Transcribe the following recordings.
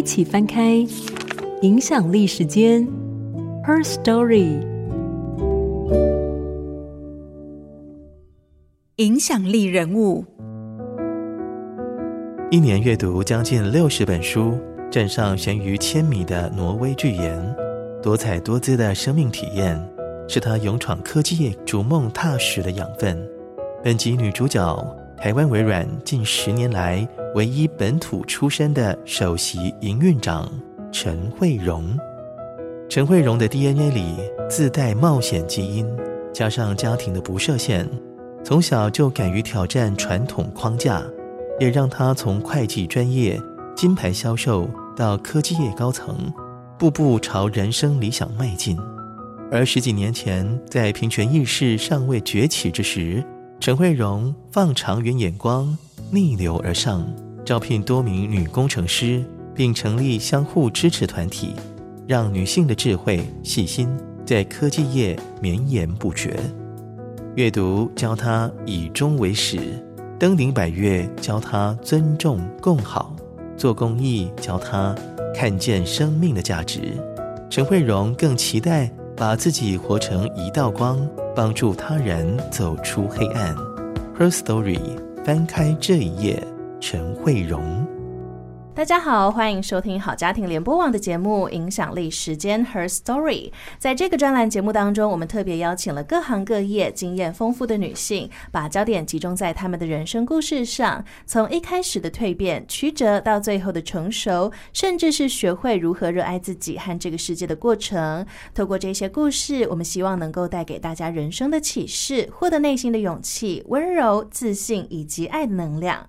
一起翻開《影響力時間》Her Story，影響力人物，一年閱讀將近六十本書，站上懸於千米的挪威巨岩，多彩多姿的生命體驗，是她勇闖科技、逐夢踏實的養分。本集女主角。台灣微軟近十年來唯一本土出身的首席營運長陳慧蓉，陳慧蓉的 DNA 裡自帶冒險基因，加上家庭的不設限，從小就敢於挑戰傳統框架，也讓她從會計專業、金牌銷售到科技業高層，步步朝人生理想邁進。而十幾年前，在平權意識尚未崛起之時。陳慧蓉放長遠眼光，逆流而上，招聘多名女工程師，並成立相互支持團體，讓女性的智慧、細心在科技業綿延不絕。閱讀教她以終為始，登頂百岳教她尊重共好，做公益教她看見生命的價值。陳慧蓉更期待。把自己活成一道光，幫助他人走出黑暗。Her story，翻開這一頁，陳慧蓉。大家好，歡迎收聽好家庭聯播網的節目《影響力時間 Her Story》。在這個專欄節目當中，我們特別邀請了各行各業經驗豐富的女性，把焦點集中在她們的人生故事上。從一開始的蛻變、曲折，到最後的成熟，甚至是學會如何熱愛自己和這個世界的過程。透過這些故事，我們希望能夠帶給大家人生的啟示，獲得內心的勇氣、溫柔、自信以及愛的能量。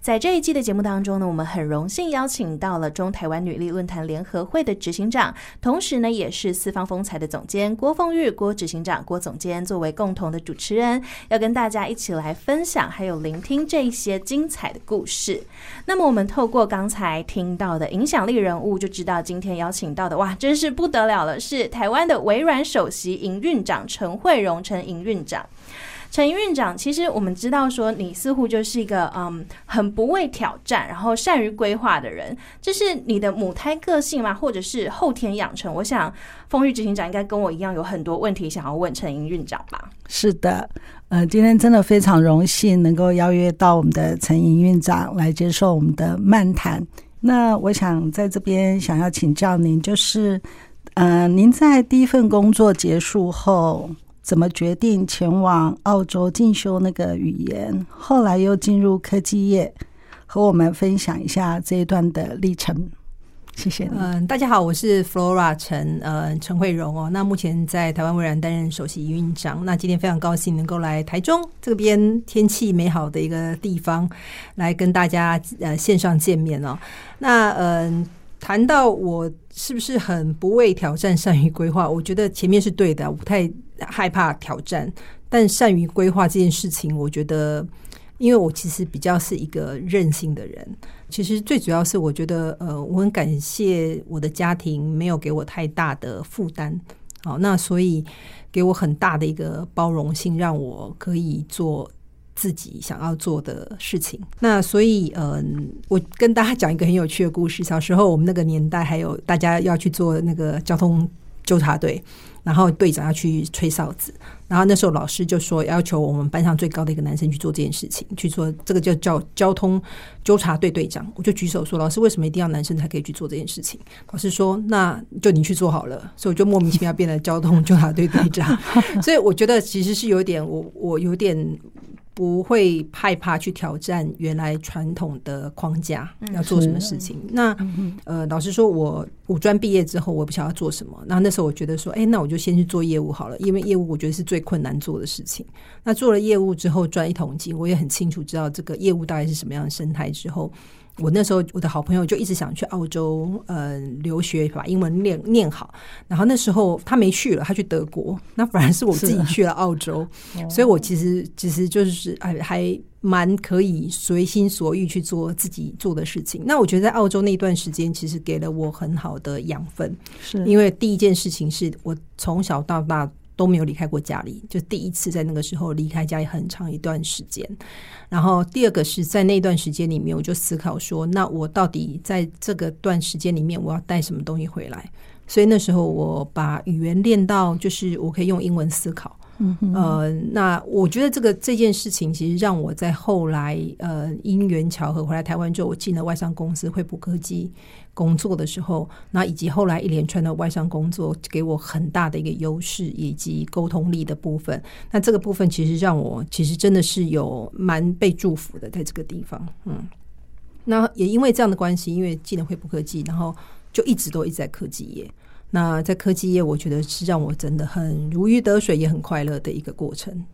在這一季的節目當中呢，我們很榮幸邀請到了中台灣女力論壇聯合會的執行長，同時呢，也是四方風采的總監郭鳳玉、郭執行長、郭總監作為共同的主持人，要跟大家一起來分享，還有聆聽這一些精彩的故事。那麼，我們透過剛才聽到的影響力人物，就知道今天邀請到的哇，真是不得了了，是台灣的微軟首席營運長陳慧蓉，陳營運長。陳營運長，其實我們知道，說你似乎就是一個嗯，um, 很不畏挑戰，然後善於規劃的人，這是你的母胎個性嗎，或者是後天養成？我想，鳳玉執行長應該跟我一樣，有很多問題想要問陳營運長吧？是的，呃，今天真的非常榮幸能夠邀約到我們的陳營運長來接受我們的漫談。那我想在這邊想要請教您，就是，呃，您在第一份工作結束後。怎麼決定前往澳洲進修那個語言？後來又進入科技業，和我們分享一下這一段的歷程。謝謝你。嗯，大家好，我是 Flora 陳，呃，陳慧蓉哦。那目前在台灣微軟擔任首席營運長。那今天非常高興能夠來台中這邊天氣美好的一個地方來跟大家呃線上見面哦。那嗯。呃談到我是不是很不畏挑戰，善於規劃？我覺得前面是對的，我不太害怕挑戰，但善於規劃這件事情，我覺得，因為我其實比較是一個任性的人。其實最主要是，我覺得，呃，我很感謝我的家庭沒有給我太大的負擔，好，那所以給我很大的一個包容性，讓我可以做。自己想要做的事情，那所以，嗯，我跟大家講一個很有趣的故事。小時候，我們那個年代還有大家要去做那個交通糾察隊，然後隊長要去吹哨子，然後那時候老師就說，要求我們班上最高的一個男生去做這件事情，去做這個就叫交通糾察隊隊長。我就舉手說，老師為什麼一定要男生才可以去做這件事情？老師說，那就你去做好了。所以我就莫名其妙變得交通糾察隊隊長。 所以我覺得其實是有一點，我我有點。不會害怕去挑戰原來傳統的框架，嗯、要做什麼事情？嗯、那、嗯、呃，老實說我，我五專畢業之後，我不曉得要做什麼。那那時候我覺得說，哎，那我就先去做業務好了，因為業務我覺得是最困難做的事情。那做了業務之後賺一桶金，我也很清楚知道這個業務大概是什麼樣的生態之後。我那時候，我的好朋友就一直想去澳洲，呃留學，把英文念念好。然後那時候他沒去了，他去德國，那反而是我自己去了澳洲。是的。所以，我其實其實就是還，還蠻可以隨心所欲去做自己做的事情。那我覺得在澳洲那段時間，其實給了我很好的養分，是因為第一件事情是我從小到大。都沒有離開過家裡，就第一次在那個時候離開家裡很長一段時間。然後第二個是在那段時間裡面，我就思考說，那我到底在這個段時間裡面我要帶什麼東西回來？所以那時候我把語言練到，就是我可以用英文思考。嗯，哼嗯呃，那我覺得這個這件事情其實讓我在後來呃，因緣巧合回來台灣之後，我進了外商公司惠普科技工作的時候，那以及後來一連串的外商工作，給我很大的一個優勢以及溝通力的部分。那這個部分其實讓我其實真的是有蠻被祝福的，在這個地方，嗯。那也因為這樣的關係，因為進了惠普科技，然後就一直都一直在科技業。那在科技業，我覺得是讓我真的很如魚得水，也很快樂的一個過程，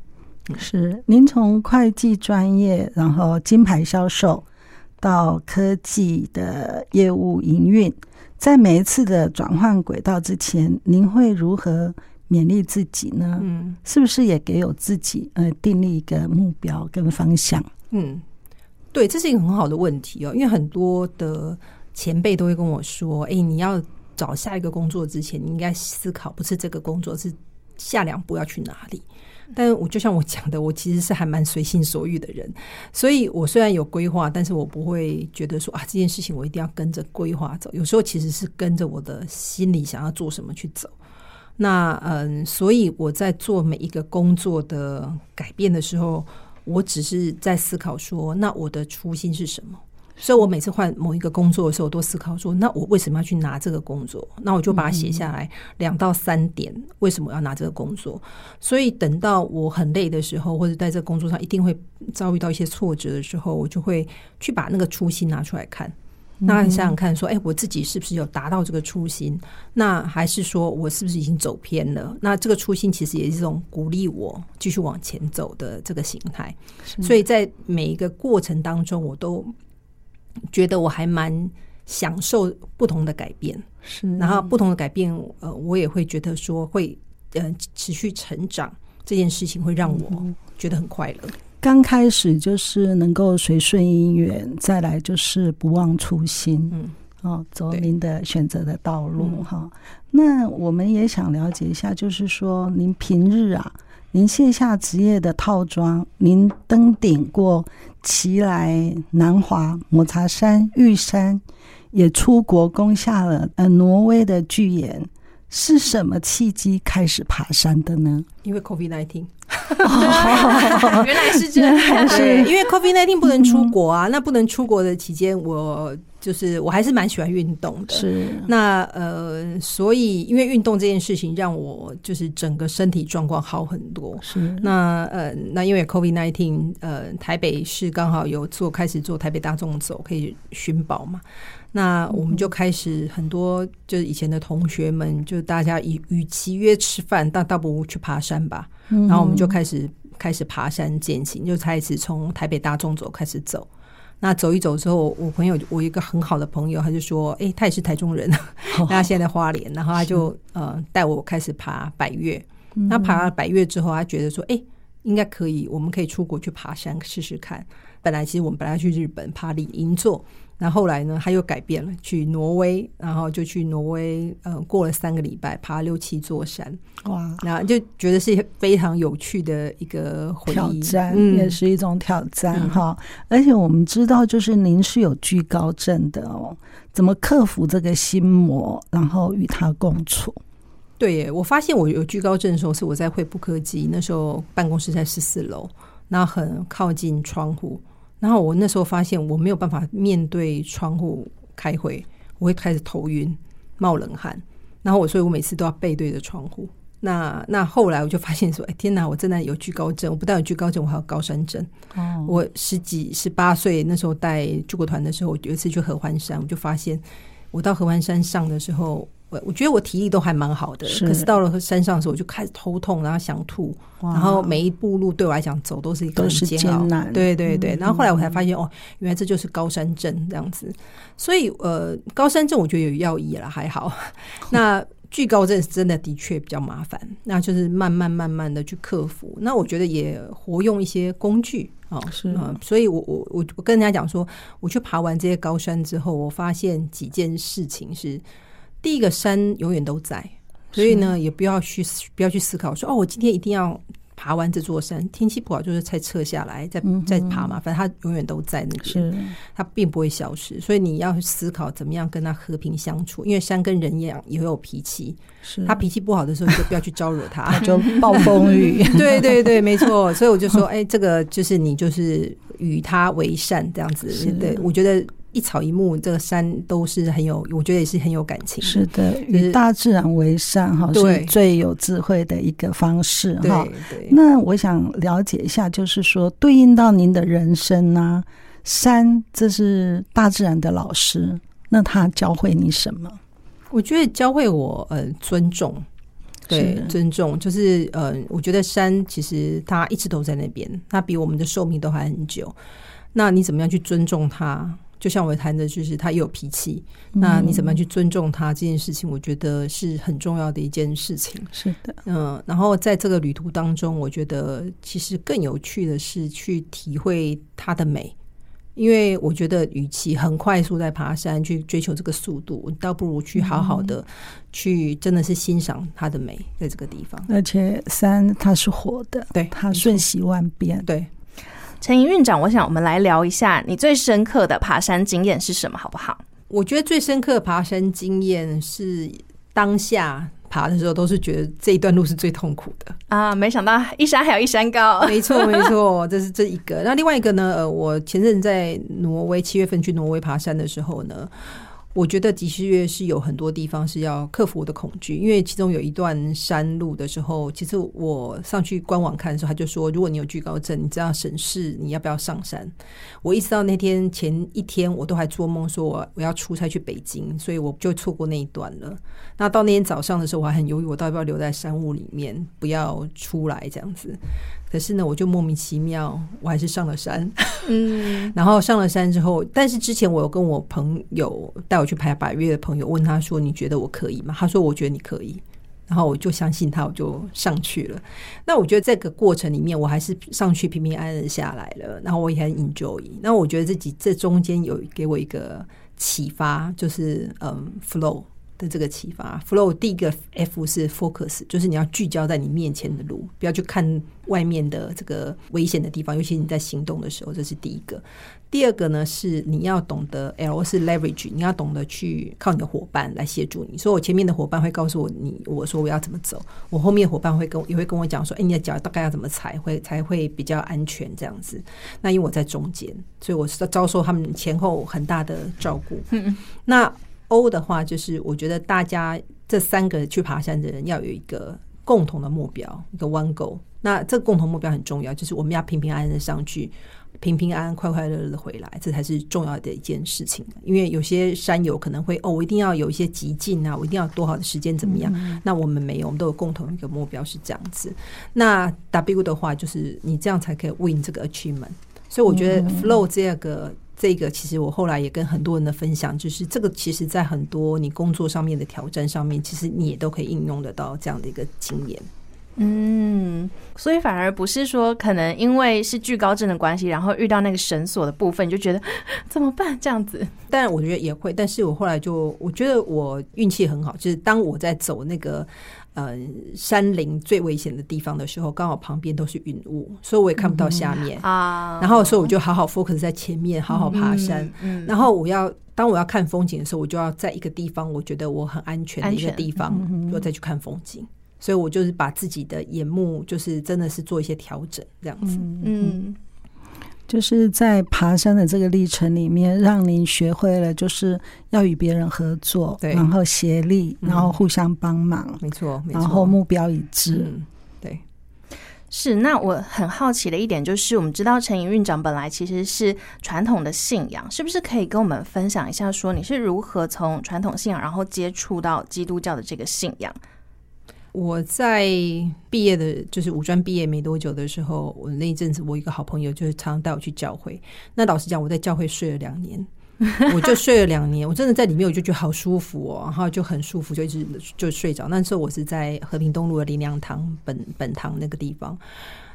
嗯。是，您從會計專業，然後金牌銷售到科技的業務營運，在每一次的轉換軌道之前，您會如何勉勵自己呢？嗯，是不是也給有自己呃，訂立一個目標跟方向？嗯，對，這是一個很好的問題哦，因為很多的前輩都會跟我說：“哎，你要。”找下一個工作之前，你應該思考，不是這個工作，是下兩步要去哪裡。但我就像我講的，我其實是還蠻隨心所欲的人，所以我雖然有規劃，但是我不會覺得說啊這件事情我一定要跟着規劃走。有時候其實是跟着我的心裡想要做什麼去走。那嗯，所以我在做每一個工作的改變的時候，我只是在思考說，那我的初心是什麼？所以，我每次換某一個工作的時候，我都思考說：那我為什麼要去拿這個工作？那我就把它寫下來兩、嗯、哼到三點，為什麼要拿這個工作？所以，等到我很累的時候，或者在這個工作上一定會遭遇到一些挫折的時候，我就會去把那個初心拿出來看。那你想想看，說：哎、欸，我自己是不是有達到這個初心？那還是說我是不是已經走偏了？那這個初心其實也是一種鼓勵我繼續往前走的這個形態。是所以在每一個過程當中，我都。覺得我還蠻享受不同的改變，是、啊，然後不同的改變，呃，我也會覺得說會，嗯、呃，持續成長這件事情會讓我覺得很快樂。剛開始就是能夠隨順因緣，再來就是不忘初心，嗯，好、哦，走您的選擇的道路哈對、哦。那我們也想了解一下，就是說您平日啊。您卸下職業的套裝，您登頂過奇萊、南華、抹茶山、玉山，也出國攻下了呃挪威的巨岩。是什麼契機開始爬山的呢？因為 COVID nineteen， 原來是這樣，是 因為 COVID nineteen 不能出國啊。那不能出國的期間，我。就是我還是蠻喜歡運動的，是那呃，所以因為運動這件事情讓我就是整個身體狀況好很多。是那呃，那因為 COVID nineteen，呃，台北市剛好有做開始做台北大眾走可以尋寶嘛，那我們就開始很多、嗯、哼就是以前的同學們，就大家與與其約吃飯，倒倒不如去爬山吧。嗯、哼然後我們就開始開始爬山健行，就開始從台北大眾走開始走。那走一走之後，我朋友我一個很好的朋友，他就說，哎、欸，他也是台中人，嗯、 那他現在，在花蓮，然後他就是呃帶我開始爬百岳。嗯、那爬了百岳之後，他覺得說，哎、欸，應該可以，我們可以出國去爬山試試看。本來其實我們本來要去日本爬裏銀座。那後，後來呢，他又改變了，去挪威，然後就去挪威。嗯、呃，過了三個禮拜，爬六七座山，哇！那就覺得是非常有趣的一個回憶挑戰，嗯、也是一種挑戰哈。嗯、而且我們知道，就是您是有懼高症的哦。怎麼克服這個心魔，然後與他共處？對耶，我發現，我有懼高症的時候是我在惠普科技，那時候辦公室在十四樓，那很靠近窗戶。然後我那時候發現我沒有辦法面對窗戶開會，我會開始頭暈、冒冷汗。然後我，所以我每次都要背對着窗戶。那那後來我就發現說，哎天哪，我真的有懼高症。我不但有懼高症，我還有高山症。哦，我十幾十八歲那時候帶救國團的時候，有一次去合歡山，我就發現。我到合歡山上的時候，我我覺得我體力都還蠻好的，是可是到了山上的時候，我就開始頭痛，然後想吐，哇然後每一步路對我來講走都是一個很都是煎熬，對對對。嗯、然後後來我才發現，嗯、哦，原來這就是高山症這樣子。所以呃，高山症我覺得有藥醫啦還好。哼那懼高症是真的的確比較麻煩，那就是慢慢慢慢的去克服。那我覺得也活用一些工具。哦，是啊嗎、哦，所以我我我我跟人家講說，我去爬完這些高山之後，我發現幾件事情是：第一個，山永遠都在，所以呢，也不要去不要去思考說，哦，我今天一定要。爬完這座山，天氣不好就是才撤下來，再再爬嘛。嗯、哼反正它永遠都在那個，是它並不會消失。所以你要思考怎麼樣跟它和平相處，因為山跟人一樣，也會有脾氣。是，它脾氣不好的時候，你就不要去招惹它， 他就暴風雨。 對，對對對，沒錯。所以我就說，哎、欸，這個就是你就是與它為善，這樣子。是對，我覺得。一草一木，這個山都是很有，我覺得也是很有感情。是的，就是、與大自然為善哈，對是最有智慧的一個方式哈。那我想了解一下，就是說對應到您的人生呢、啊，山這是大自然的老師，那他教會你什麼？我覺得教會我呃尊重，對是尊重就是呃，我覺得山其實它一直都在那邊，它比我們的壽命都還很久。那你怎麼樣去尊重它？就像我談的，就是他有脾氣，嗯，那你怎麼樣去尊重他這件事情，我覺得是很重要的一件事情。是的，嗯，然後在這個旅途當中，我覺得其實更有趣的是去體會它的美，因為我覺得，與其很快速在爬山去追求這個速度，我倒不如去好好的去，真的是欣賞它的美，在這個地方。而且，山它是活的，對，它瞬息萬變，對。陳營運長，我想我們來聊一下你最深刻的爬山經驗是什麼，好不好？我覺得最深刻的爬山經驗是當下爬的時候，都是覺得這一段路是最痛苦的啊！沒想到一山還有一山高。沒錯，沒錯沒錯，這是這一個。 那另外一個呢？我前陣在挪威，七月份去挪威爬山的時候呢。我覺得吉士月是有很多地方是要克服我的恐懼，因為其中有一段山路的時候，其實我上去官網看的時候，他就說，如果你有懼高症，你這樣省視你要不要上山。我一直到那天前一天我都還做夢說，我我要出差去北京，所以我就錯過那一段了。那到那天早上的時候，我還很猶豫，我到底要不要留在山霧裡面，不要出來這樣子。可是呢，我就莫名其妙，我還是上了山、嗯。 然後上了山之後，但是之前我有跟我朋友帶我去爬百岳的朋友問他說：“你覺得我可以嗎？”他說：“我覺得你可以。”然後我就相信他，我就上去了、嗯。那我覺得這個過程裡面，我還是上去平平安安下來了。然後我也很 enjoy、嗯。那我覺得自己這中間有給我一個啟發，就是嗯、um，flow。這個啟發，Flow 第一個 F 是 focus，就是你要聚焦在你面前的路，不要去看外面的這個危險的地方，尤其你在行動的時候，這是第一個。第二個呢是你要懂得 L 是 leverage，你要懂得去靠你的夥伴來協助你。所以我前面的夥伴會告訴我你，我說我要怎麼走，我後面的夥伴會跟也會跟我講說，誒，你的腳大概要怎麼踩，會才會比較安全這樣子。那因為我在中間，所以我是在遭受他們前後很大的照顧。嗯嗯，那。O 的話，就是我覺得大家這三個去爬山的人要有一個共同的目標，一個 one goal。那這個共同目標很重要，就是我們要平平安安的上去，平平安安、快快樂樂的回來，這才是重要的一件事情。因為有些山友可能會哦，我一定要有一些激進啊，我一定要多好的時間怎麼樣？那我們沒有，我們都有共同一個目標是這樣子。那 W 的話，就是你這樣才可以 win 這個 achievement。所以我覺得 flow 這個。這個其實我後來也跟很多人的分享，就是這個其實，在很多你工作上面的挑戰上面，其實你也都可以應用得到這樣的一個經驗。嗯，所以反而不是說可能因為是懼高症的關係，然後遇到那個繩索的部分，你就覺得怎麼辦這樣子？但我覺得也會，但是我後來就我覺得我運氣很好，就是當我在走那個。呃，山林最危險的地方的時候，剛好旁邊都是雲霧，所以我也看不到下面、嗯啊、然後，所以我就好好 focus 在前面，嗯、好好爬山。嗯嗯、然後，我要當我要看風景的時候，我就要在一個地方，我覺得我很安全的一個地方，我、嗯嗯嗯、再去看風景。所以我就是把自己的眼目，就是真的是做一些調整，這樣子。嗯。嗯嗯就是在爬山的這個歷程裡面，讓您學會了就是要與別人合作，對然後協力，嗯、然後互相幫忙，沒錯，沒錯，然後目標一致，嗯，對，是。那我很好奇的一點就是，我們知道陳營運長本來其實是傳統的信仰，是不是可以跟我們分享一下，說你是如何從傳統信仰，然後接觸到基督教的這個信仰？我在畢業的，就是五專畢業沒多久的時候，我那一陣子，我一個好朋友就是常帶我去教會。那老實講，我在教會睡了兩年， 我就睡了兩年。我真的在裡面，我就覺得好舒服哦，然後就很舒服，就一直就睡着。那時候我是在和平東路的靈糧堂本本堂那個地方。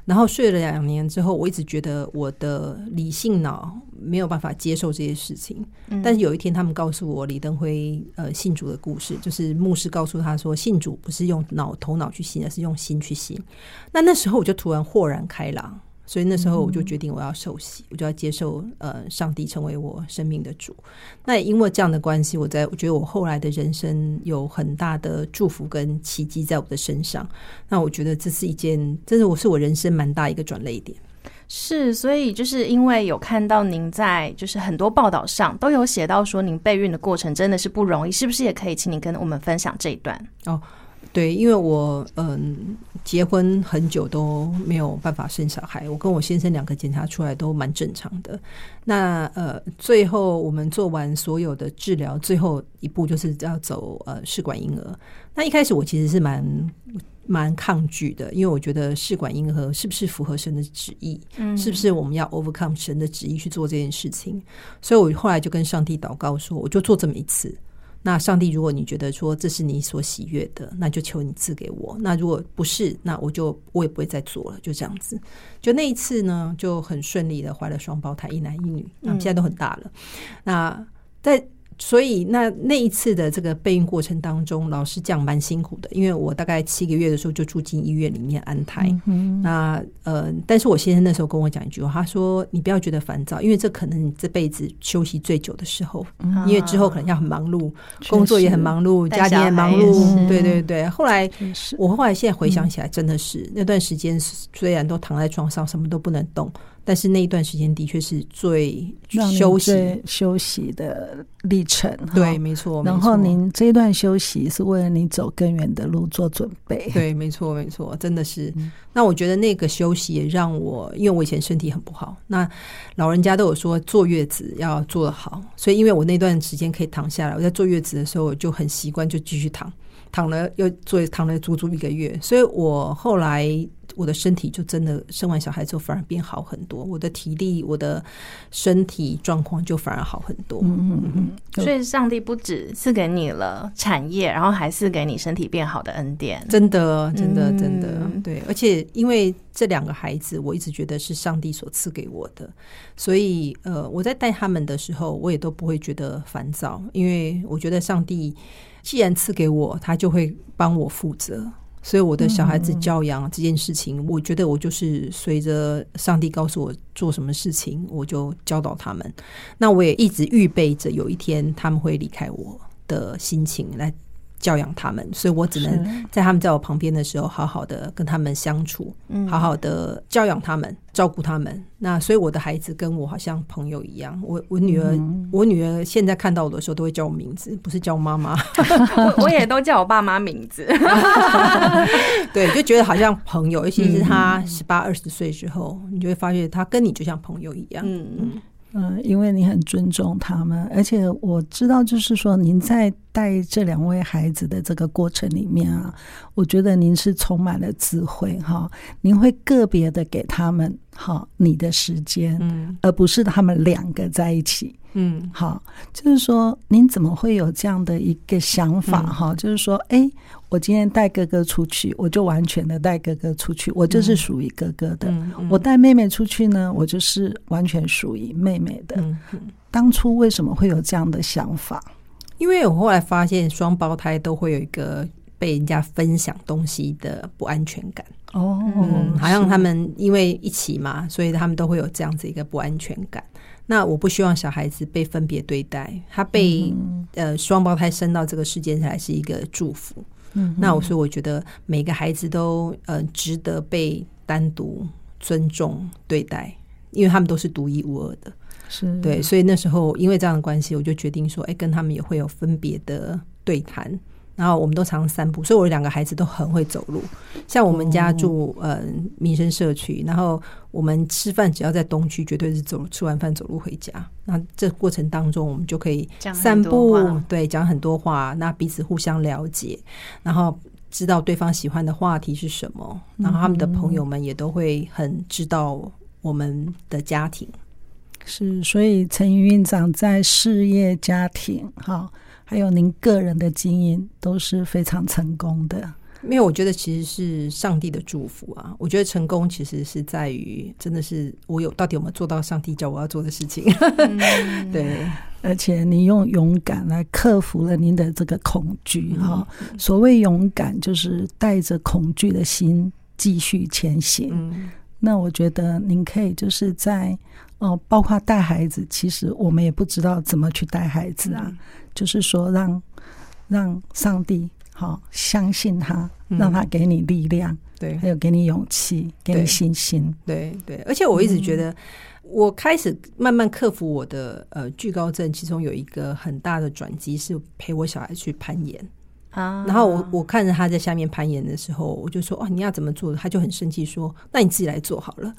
然後睡了兩年之後，我一直覺得我的理性腦沒有辦法接受這些事情。嗯。但是有一天，他們告訴我李登輝，呃，信主的故事，就是牧師告訴他說，信主不是用腦頭腦去信，而是用心去信。那那時候我就突然豁然開朗。所以那時候我就決定，我要受洗，嗯、我就要接受，呃，上帝成為我生命的主。那也因為這樣的關係，我在我覺得我後來的人生有很大的祝福跟奇蹟在我的身上。那我覺得這是一件，真的，我是我人生蠻大一個轉捩點。是，所以就是因為有看到您在，就是很多報道上都有寫到說，您備孕的過程真的是不容易，是不是？也可以，請您跟我們分享這一段哦。對，因為我嗯結婚很久都沒有辦法生小孩，我跟我先生兩個檢查出來都蠻正常的。那呃，最後我們做完所有的治療，最後一步就是要走呃試管嬰兒。那一開始我其實是蠻蠻抗拒的，因為我覺得試管嬰兒是不是符合神的旨意？嗯，是不是我們要 overcome 神的旨意去做這件事情？所以我後來就跟上帝禱告說，我就做這麼一次。那上帝，如果你覺得說這是你所喜悅的，那就求你賜給我。那如果不是，那我就我也不會再做了，就這樣子。就那一次呢，就很順利的懷了雙胞胎，一男一女。嗯，現在都很大了。嗯，那在。所以那，那那一次的這個備孕過程當中，老師講蠻辛苦的，因為我大概七個月的時候就住進醫院裡面安胎。嗯哼，那呃，但是我先生那時候跟我講一句話，他說：“你不要覺得煩躁，因為這可能你這輩子休息最久的時候，嗯、因為之後可能要很忙碌，啊、工作也很忙碌，實家庭也忙碌。”對對對，後來實我後來現在回想起來，真的是、嗯、那段時間雖然都躺在床上，什麼都不能動。但是那一段時間的確是最休息最休息的歷程，對，沒錯。然後您這一段休息是為了您走更遠的路做準備，對，沒錯，沒錯，真的是。嗯、那我覺得那個休息也讓我，因為我以前身體很不好，那老人家都有說坐月子要坐得好，所以因為我那段時間可以躺下來，我在坐月子的時候我就很習慣就繼續躺。躺了又做，躺了足足一個月，所以我後來我的身體就真的生完小孩之後反而變好很多，我的體力、我的身體狀況就反而好很多。嗯、所以上帝不只賜給你了產業，然後還賜給你身體變好的恩典，真的，真的，真的，嗯、對。而且因為這兩個孩子，我一直覺得是上帝所賜給我的，所以呃，我在帶他們的時候，我也都不會覺得煩躁，因為我覺得上帝。既然賜給我，他就會幫我負責。所以我的小孩子教養這件事情，嗯嗯嗯，我覺得我就是隨着上帝告訴我做什麼事情，我就教導他們。那我也一直預備着有一天他們會離開我的心情來。教養他們，所以我只能在他們在我旁邊的時候，好好的跟他們相處，是好好的教養他們，嗯、照顧他們。那所以我的孩子跟我好像朋友一樣。我我女兒，嗯、我女兒現在看到我的時候都會叫我名字，不是叫我媽媽 我我也都叫我爸媽名字。 對，就覺得好像朋友。尤其是他十八二十歲之後，嗯、你就會發現他跟你就像朋友一樣。嗯。嗯，因為你很尊重他們，而且我知道，就是說，您在帶這兩位孩子的這個過程裡面啊，我覺得您是充滿了智慧哈，您會個別的給他們哈你的時間，嗯，而不是他們兩個在一起。嗯，好，就是說，您怎麼會有這樣的一個想法哈？嗯、就是說，哎、欸，我今天帶哥哥出去，我就完全的帶哥哥出去，我就是屬於哥哥的；嗯嗯嗯、我帶妹妹出去呢，我就是完全屬於妹妹的。嗯嗯、當初為什麼會有這樣的想法？因為我後來發現，雙胞胎都會有一個被人家分享東西的不安全感。哦，好像他們因為一起嘛，所以他們都會有這樣子一個不安全感。那我不希望小孩子被分別對待，他被、嗯、哼呃雙胞胎生到這個世界才是一個祝福。嗯、哼那我所以我覺得每個孩子都呃值得被單獨尊重對待，因為他們都是獨一無二的。是的對，所以那時候因為這樣的關係，我就決定說，哎、欸，跟他們也會有分別的對談。然後我們都常散步，所以我兩個孩子都很會走路。像我們家住、呃、民生社區，然後我們吃飯只要在東區，絕對是走吃完飯走路回家。那這過程當中，我們就可以散步，對，講很多話。那彼此互相了解，然後知道對方喜歡的話題是什麼。嗯、哼然後他們的朋友們也都會很知道我們的家庭。是，所以陳營運長在事業、家庭，哈。還有您個人的經驗都是非常成功的。因為我覺得其實是上帝的祝福啊！我覺得成功其實是在於，真的是我有到底有沒有做到上帝叫我要做的事情。嗯、 對，而且你用勇敢來克服了您的這個恐懼哈、哦。嗯、所謂勇敢，就是帶着恐懼的心繼續前行。嗯那我覺得您可以就是在，哦、呃，包括帶孩子，其實我們也不知道怎麼去帶孩子啊。嗯、就是說讓，讓讓上帝，好、哦、相信他，嗯、讓他給你力量，對，還有給你勇氣，給你信心，對對，對。而且我一直覺得，嗯、我開始慢慢克服我的呃懼高症，其中有一個很大的轉機是陪我小孩去攀岩。啊！然後我我看着他在下面攀岩的時候，我就說：“哦，你要怎麼做？”他就很生氣說：“那你自己來做好了。”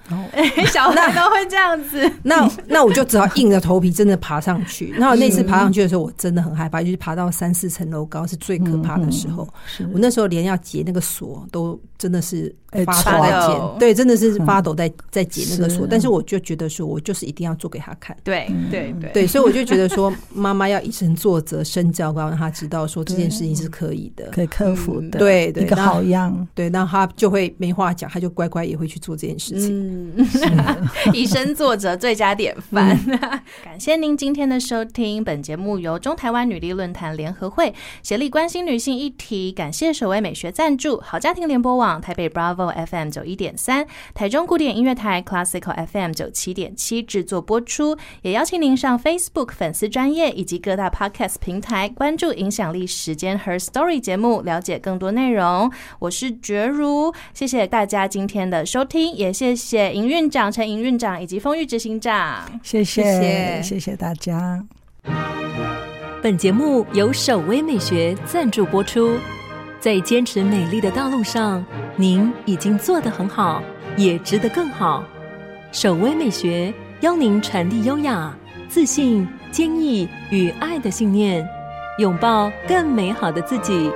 小孩都會這樣子。那那我就只好硬着頭皮，真的爬上去。那我那次爬上去的時候，我真的很害怕，就是爬到三四層樓高是最可怕的時候。是。我那時候連要解那個鎖都真的是哎發抖在解，對，真的是發抖在在解那個鎖。但是我就覺得說，我就是一定要做給他看。對對對，所以我就覺得說，媽媽要以身作則，身教高讓他知道說這件事情是。可以的，可以克服的，嗯，對對，那一個好樣，對，那他就會沒話講，他就乖乖也會去做這件事情，以身，嗯、 作則，最佳典範。嗯、 感謝您今天的收聽，本節目由中台灣女力論壇聯合會協力關心女性議題，感謝守葳美學贊助，好家庭聯播網台北 Bravo FM 九一點三，台中古典音樂台 Classical FM 九七點七製作播出，也邀請您上 Facebook 粉絲專頁以及各大 Podcast 平台關注影響力時間 HerStory。Story 節目，了解更多內容。我是珏如，謝謝大家今天的收聽，也謝謝營運長陳營運長以及鳳玉執行長，謝謝謝謝大家。本節目由守葳美學贊助播出，在堅持美麗的道路上，您已經做得很好，也值得更好。守葳美學邀您傳遞優雅、自信、堅毅與愛的信念，擁抱更美好的自己。